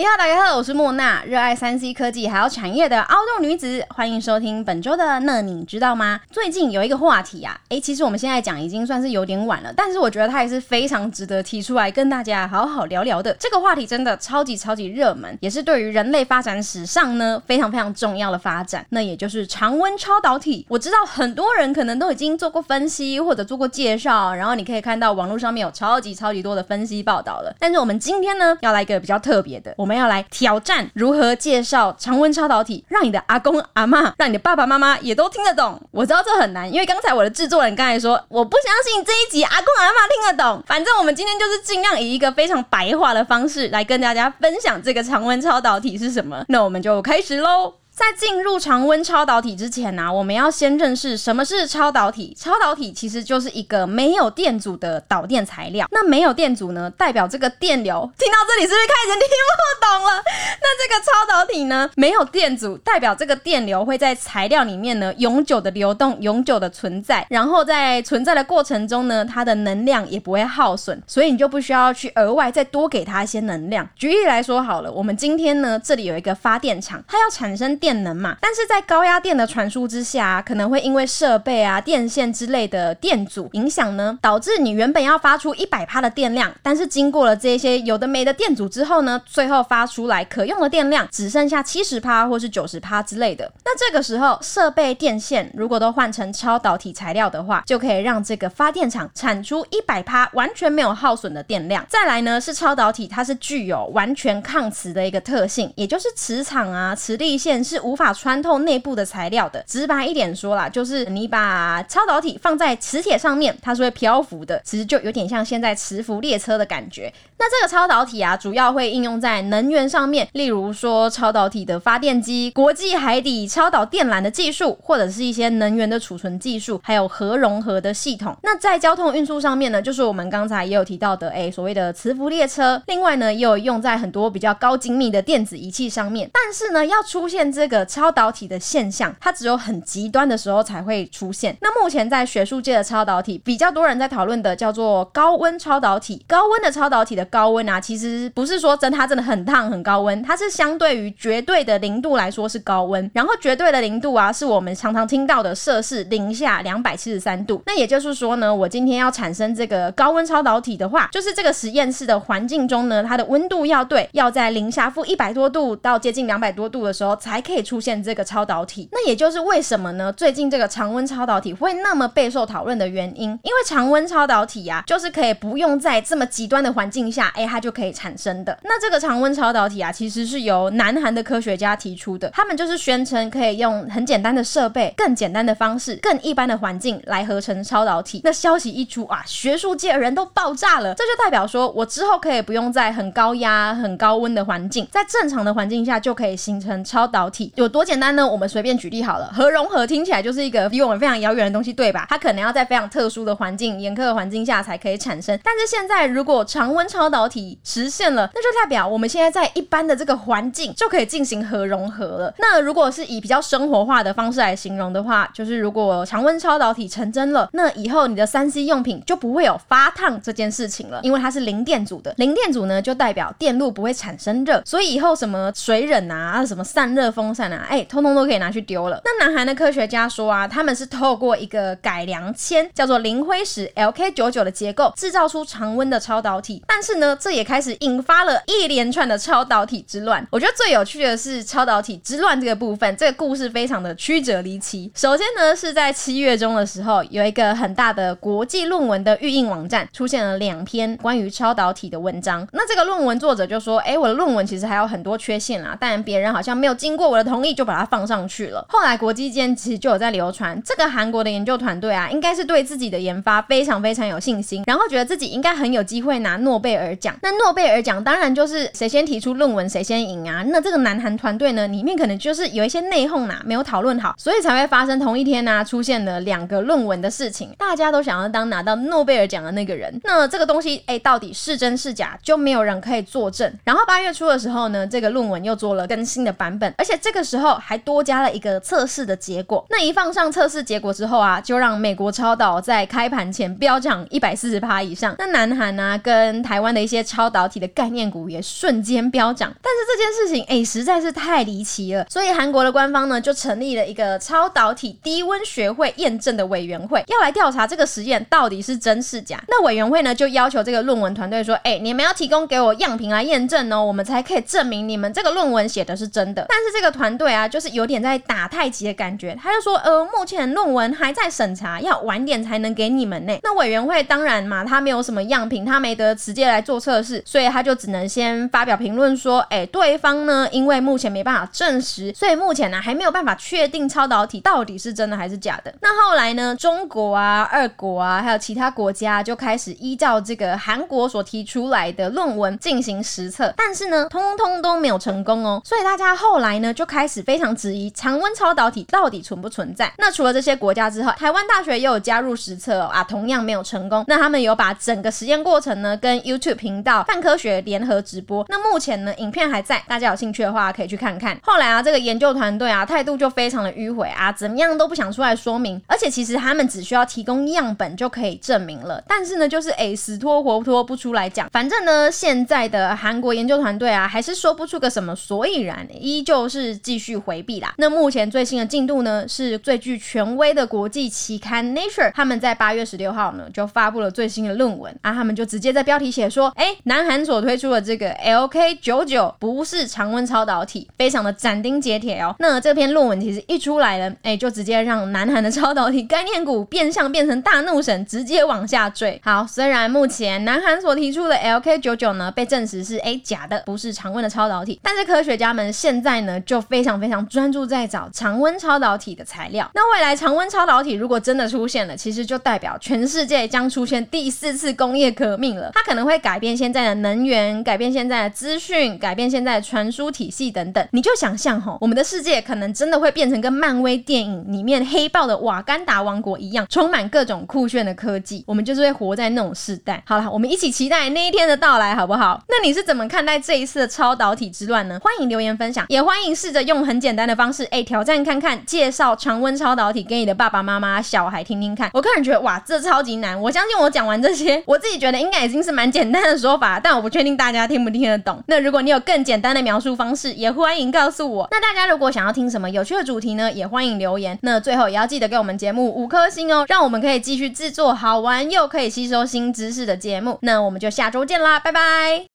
你好，大家好，我是莫娜，熱愛三 C 科技還有產業的澳洲女子，歡迎收聽本週的那你知道嗎？最近有一個話題啊，誒、欸，其實我們現在講已經算是有點晚了，但是我覺得它也是非常值得提出來跟大家好好聊聊的。這個話題真的超級超級熱門，也是對於人類發展史上呢非常非常重要的發展，那也就是常溫超導體。我知道很多人可能都已經做過分析或者做過介紹，然後你可以看到網絡上面有超級超級多的分析報道了。但是我們今天呢，要來一個比較特別的，我們要來挑戰如何介紹常溫超導體，讓你的阿公阿嬤，讓你的爸爸媽媽也都聽得懂。我知道這很難，因為剛才我的制作人剛才說，我不相信這一集阿公阿嬤聽得懂。反正我們今天就是儘量以一個非常白話的方式來跟大家分享這個常溫超導體是什麼。那我們就開始嘍。在進入常溫超導體之前呢、啊，我們要先認識什麼是超導體。超導體其實就是一個沒有電阻的導電材料。那沒有電阻呢，代表這個電流。聽到這裡是不是開始聽不懂了？那這個超導體呢，沒有電阻，代表這個電流會在材料裡面呢永久的流動，永久的存在。然後在存在的過程中呢，它的能量也不會耗損，所以你就不需要去額外再多給它一些能量。舉例來說好了，我們今天呢，這裡有一個發電廠，它要產生電。電能嘛，但是在高壓電的傳輸之下，可能會因為設備啊、電線之類的電阻影響呢，導致你原本要發出一百趴的電量，但是經過了這些有的沒的電阻之後呢，最後發出來可用的電量只剩下七十趴或是九十趴之類的。那這個時候，設備、電線如果都換成超導體材料的話，就可以讓這個發電廠產出一百趴完全沒有耗損的電量。再來呢，是超導體，它是具有完全抗磁的一個特性，也就是磁場啊、磁力線是。無法穿透內部的材料的，直白一點說啦，就是你把超導體放在磁鐵上面，它是會漂浮的，其實就有點像現在磁浮列車的感覺。那這個超導體啊，主要會應用在能源上面，例如說超導體的發電機、國際海底超導電纜的技術，或者是一些能源的儲存技術，還有核融合的系統。那在交通運輸上面呢，就是我們剛才也有提到的，哎，所謂的磁浮列車。另外呢，也有用在很多比較高精密的電子儀器上面。但是呢，要出現這個個超導體的現象，它只有很極端的時候才會出現。那目前在學術界的超導體，比較多人在討論的叫做高溫超導體。高溫的超導體的高溫啊，其實不是說真它真的很燙、很高溫，它是相對於絕對的零度來說是高溫。然後絕對的零度啊，是我們常常聽到的攝氏零下兩百七十三度。那也就是說呢，我今天要產生這個高溫超導體的話，就是這個實驗室的環境中呢，它的溫度要對，要在零下負一百多度到接近兩百多度的時候才可以。會出現這個超導體，那也就是為什麼呢？最近這個常溫超導體會那麼備受討論的原因，因為常溫超導體呀、啊，就是可以不用在這麼極端的環境下，哎、欸，它就可以產生的。那這個常溫超導體啊，其實是由南韓的科學家提出的，他們就是宣稱可以用很簡單的設備、更簡單的方式、更一般的環境來合成超導體。那消息一出啊，學術界人都爆炸了，這就代表說我之後可以不用在很高壓、很高溫的環境，在正常的環境下就可以形成超導體。有多簡單呢？我們隨便舉例好了。核融合聽起來就是一個離我們非常遙遠的東西，對吧？它可能要在非常特殊的環境、嚴苛的環境下才可以產生。但是現在，如果常溫超導體實現了，那就代表我們現在在一般的這個環境就可以進行核融合了。那如果是以比較生活化的方式來形容的話，就是如果常溫超導體成真了，那以後你的 3C 用品就不會有發燙這件事情了，因為它是零電阻的。零電阻呢，就代表電路不會產生熱，所以以後什麼水冷啊，啊什麼散熱風。風扇啊，哎，通通都可以拿去丟了。那南韓的科學家說啊，他們是透過一個改良鉛，叫做磷灰石 LK 九九的結構，制造出常溫的超導體。但是呢，這也開始引發了一連串的超導體之亂。我覺得最有趣的是超導體之亂這個部分，這個故事非常的曲折離奇。首先呢，是在七月中的時候，有一個很大的國際論文的預印網站出現了兩篇關於超導體的文章。那這個論文作者就說：“哎、欸，我的論文其實還有很多缺陷啊，但別人好像沒有經過我。”我的同意就把它放上去了。後來國際間其實就有在流傳，這個韓國的研究團隊啊，應該是對自己的研發非常非常有信心，然後覺得自己應該很有機會拿諾貝爾獎。那諾貝爾獎當然就是誰先提出論文誰先贏啊。那這個南韓團隊呢，裡面可能就是有一些內訌吶，沒有討論好，所以才會發生同一天呢、啊、出現了兩個論文的事情。大家都想要當拿到諾貝爾獎的那個人。那這個東西哎、欸，到底是真是假，就沒有人可以作證。然後八月初的時候呢，這個論文又做了更新的版本，而且、這個這個時候還多加了一個測試的結果。那一放上測試結果之後啊，就讓美國超導在開盤前飆漲一百四十趴以上。那南韓啊跟台灣的一些超導體的概念股也瞬間飆漲。但是這件事情哎、欸、實在是太離奇了，所以韓國的官方呢就成立了一個超導體低溫學會驗證的委員會，要來調查這個實驗到底是真是假。那委員會呢就要求這個論文團隊說：哎、欸，你們要提供給我樣品來驗證哦，我們才可以證明你們這個論文寫的是真的。但是這個。團隊啊，就是有點在打太極的感覺。他就說，呃，目前論文還在審查，要晚點才能給你們呢、欸。那委員會當然嘛，他沒有什麼樣品，他沒得直接來做測試，所以他就只能先發表評論說，誒、欸，對方呢，因為目前沒辦法證實，所以目前呢、啊，還沒有辦法確定超導體到底是真的還是假的。那後來呢，中國啊、俄國啊，還有其他國家就開始依照這個韓國所提出來的論文進行實測，但是呢，通通都沒有成功哦。所以大家後來呢，就。開始非常質疑常溫超導體到底存不存在。那除了這些國家之後，台灣大學也有加入實測、哦、啊，同樣沒有成功。那他們有把整個實驗過程呢跟 YouTube 頻道“泛科學”聯合直播。那目前呢，影片還在，大家有興趣的話可以去看看。後來啊，這個研究團隊啊，態度就非常的迂迴啊，怎麼樣都不想出來說明。而且其實他們只需要提供樣本就可以證明了，但是呢，就是誒死拖活拖不出來講。反正呢，現在的韓國研究團隊啊，還是說不出個什麼所以然，依舊是。繼續回避啦。那目前最新的進度呢，是最具權威的國際期刊 Nature，他們在八月十六號呢就發布了最新的論文啊，他們就直接在標題寫說：“哎、欸，南韓所推出的這個 LK 九九不是常溫超導體，非常的斬釘截鐵哦。”那這篇論文其實一出來了，哎、欸，就直接讓南韓的超導體概念股變相變成大怒神，直接往下墜。好，雖然目前南韓所提出的 LK 九九呢被證實是哎、欸、假的，不是常溫的超導體，但是科學家們現在呢就。非常非常專注在找常溫超導體的材料。那未來常溫超導體如果真的出現了，其實就代表全世界將出現第四次工業革命了。它可能會改變現在的能源，改變現在的資訊，改變現在的傳輸體系等等。你就想象吼，我們的世界可能真的會變成跟漫威電影裡面黑豹的瓦干達王國一樣，充滿各種酷炫的科技。我們就是會活在那種世代。好啦，我們一起期待那一天的到來，好不好？那你是怎麼看待這一次的超導體之亂呢？歡迎留言分享，也歡迎試着用很簡單的方式，誒，挑戰看看，介紹常溫超導體給你的爸爸媽媽、小孩聽聽看。我個人覺得，哇，這超級難。我相信我講完這些，我自己覺得應該已經是蠻簡單的說法，但我不確定大家聽不聽得懂。那如果你有更簡單的描述方式，也歡迎告訴我。那大家如果想要聽什麼有趣的主題呢，也歡迎留言。那最後也要記得給我們節目五顆星哦，讓我們可以繼續製作好玩又可以吸收新知識的節目。那我們就下週見啦，拜拜。